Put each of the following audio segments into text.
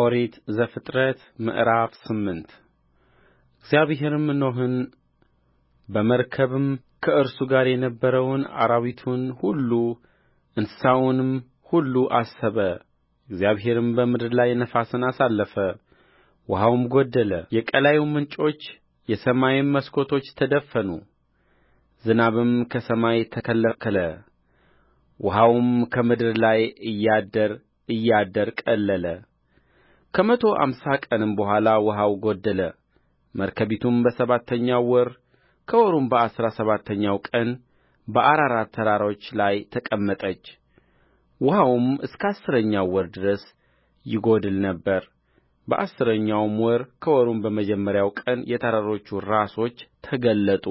ኦሪት ዘፍጥረት ምዕራፍ ስምንት እግዚአብሔርም ኖኅን በመርከብም ከእርሱ ጋር የነበረውን አራዊቱን ሁሉ እንስሳውንም ሁሉ አሰበ እግዚአብሔርም በምድር ላይ ነፋስን አሳለፈ ውኃውም ጎደለ የቀላዩ ምንጮች የሰማይም መስኮቶች ተደፈኑ ዝናብም ከሰማይ ተከለከለ ውኃውም ከምድር ላይ እያደር እያደር ቀለለ ከመቶ አምሳ ቀንም በኋላ ውኃው ጎደለ መርከቢቱም በሰባተኛው ወር ከወሩም በአሥራ ሰባተኛው ቀን በአራራት ተራሮች ላይ ተቀመጠች ውኃውም እስከ አሥረኛው ወር ድረስ ይጎድል ነበር በአሥረኛውም ወር ከወሩም በመጀመሪያው ቀን የተራሮቹ ራሶች ተገለጡ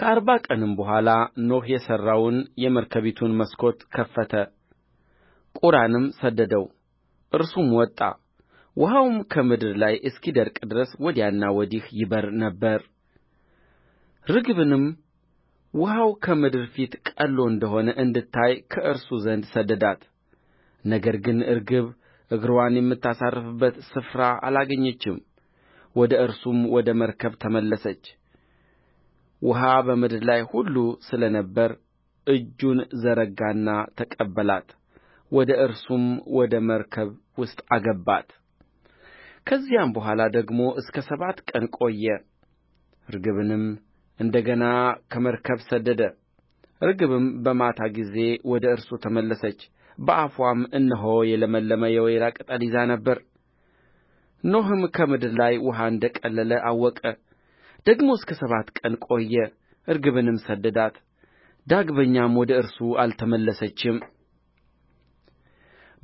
ከአርባ ቀንም በኋላ ኖኅ የሠራውን የመርከቢቱን መስኮት ከፈተ ቁራንም ሰደደው እርሱም ወጣ ውኃውም ከምድር ላይ እስኪደርቅ ድረስ ወዲያና ወዲህ ይበር ነበር ርግብንም ውኃው ከምድር ፊት ቀልሎ እንደ ሆነ እንድታይ ከእርሱ ዘንድ ሰደዳት ነገር ግን ርግብ እግርዋን የምታሳርፍበት ስፍራ አላገኘችም ወደ እርሱም ወደ መርከብ ተመለሰች ውኃ በምድር ላይ ሁሉ ስለ ነበረ እጁን ዘረጋና ተቀበላት ወደ እርሱም ወደ መርከብ ውስጥ አገባት ከዚያም በኋላ ደግሞ እስከ ሰባት ቀን ቆየ ርግብንም እንደ ገና ከመርከብ ሰደደ ርግብም በማታ ጊዜ ወደ እርሱ ተመለሰች በአፍዋም እነሆ የለመለመ የወይራ ቅጠል ይዛ ነበር ኖኅም ከምድር ላይ ውኃ እንደ ቀለለ አወቀ ደግሞ እስከ ሰባት ቀን ቆየ ርግብንም ሰደዳት ዳግመኛም ወደ እርሱ አልተመለሰችም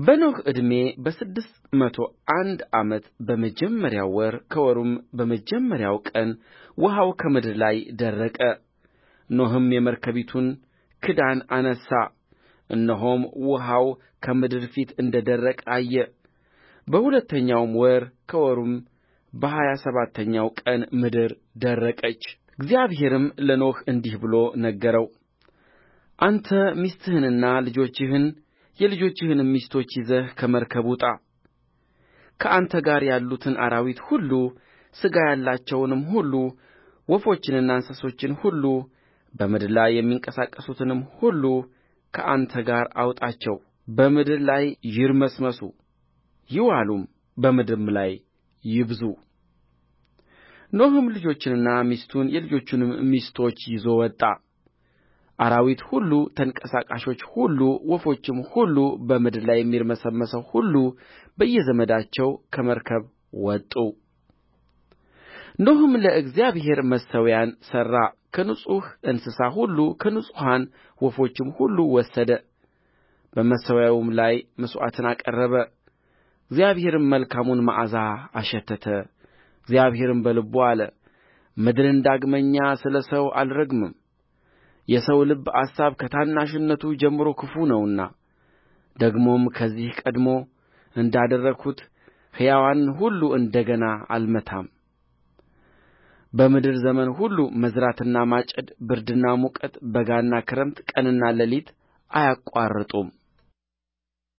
በኖኅ ዕድሜ በስድስት መቶ አንድ ዓመት በመጀመሪያው ወር ከወሩም በመጀመሪያው ቀን ውኃው ከምድር ላይ ደረቀ ኖኅም የመርከቢቱን ክዳን አነሣ እነሆም ውኃው ከምድር ፊት እንደ ደረቀ አየ በሁለተኛውም ወር ከወሩም በሀያ ሰባተኛው ቀን ምድር ደረቀች እግዚአብሔርም ለኖኅ እንዲህ ብሎ ነገረው አንተ ሚስትህንና ልጆችህን የልጆችህንም ሚስቶች ይዘህ ከመርከብ ውጣ ከአንተ ጋር ያሉትን አራዊት ሁሉ ሥጋ ያላቸውንም ሁሉ ወፎችንና እንስሶችን ሁሉ በምድር ላይ የሚንቀሳቀሱትንም ሁሉ ከአንተ ጋር አውጣቸው በምድር ላይ ይርመስመሱ ይዋሉም በምድርም ላይ ይብዙ ኖኅም ልጆቹንና ሚስቱን የልጆቹንም ሚስቶች ይዞ ወጣ አራዊት ሁሉ ተንቀሳቃሾች ሁሉ ወፎችም ሁሉ በምድር ላይ የሚርመሰመሰው ሁሉ በየዘመዳቸው ከመርከብ ወጡ ኖኅም ለእግዚአብሔር መሠዊያን ሠራ ከንጹሕ እንስሳ ሁሉ ከንጹሐን ወፎችም ሁሉ ወሰደ በመሠዊያውም ላይ መሥዋዕትን አቀረበ እግዚአብሔርም መልካሙን መዓዛ አሸተተ እግዚአብሔርም በልቡ አለ ምድርን ዳግመኛ ስለ ሰው አልረግምም የሰው ልብ አሳብ ከታናሽነቱ ጀምሮ ክፉ ነውና ደግሞም ከዚህ ቀድሞ እንዳደረግሁት ሕያዋንን ሁሉ እንደ ገና አልመታም በምድር ዘመን ሁሉ መዝራትና ማጨድ ብርድና ሙቀት በጋና ክረምት ቀንና ሌሊት አያቋርጡም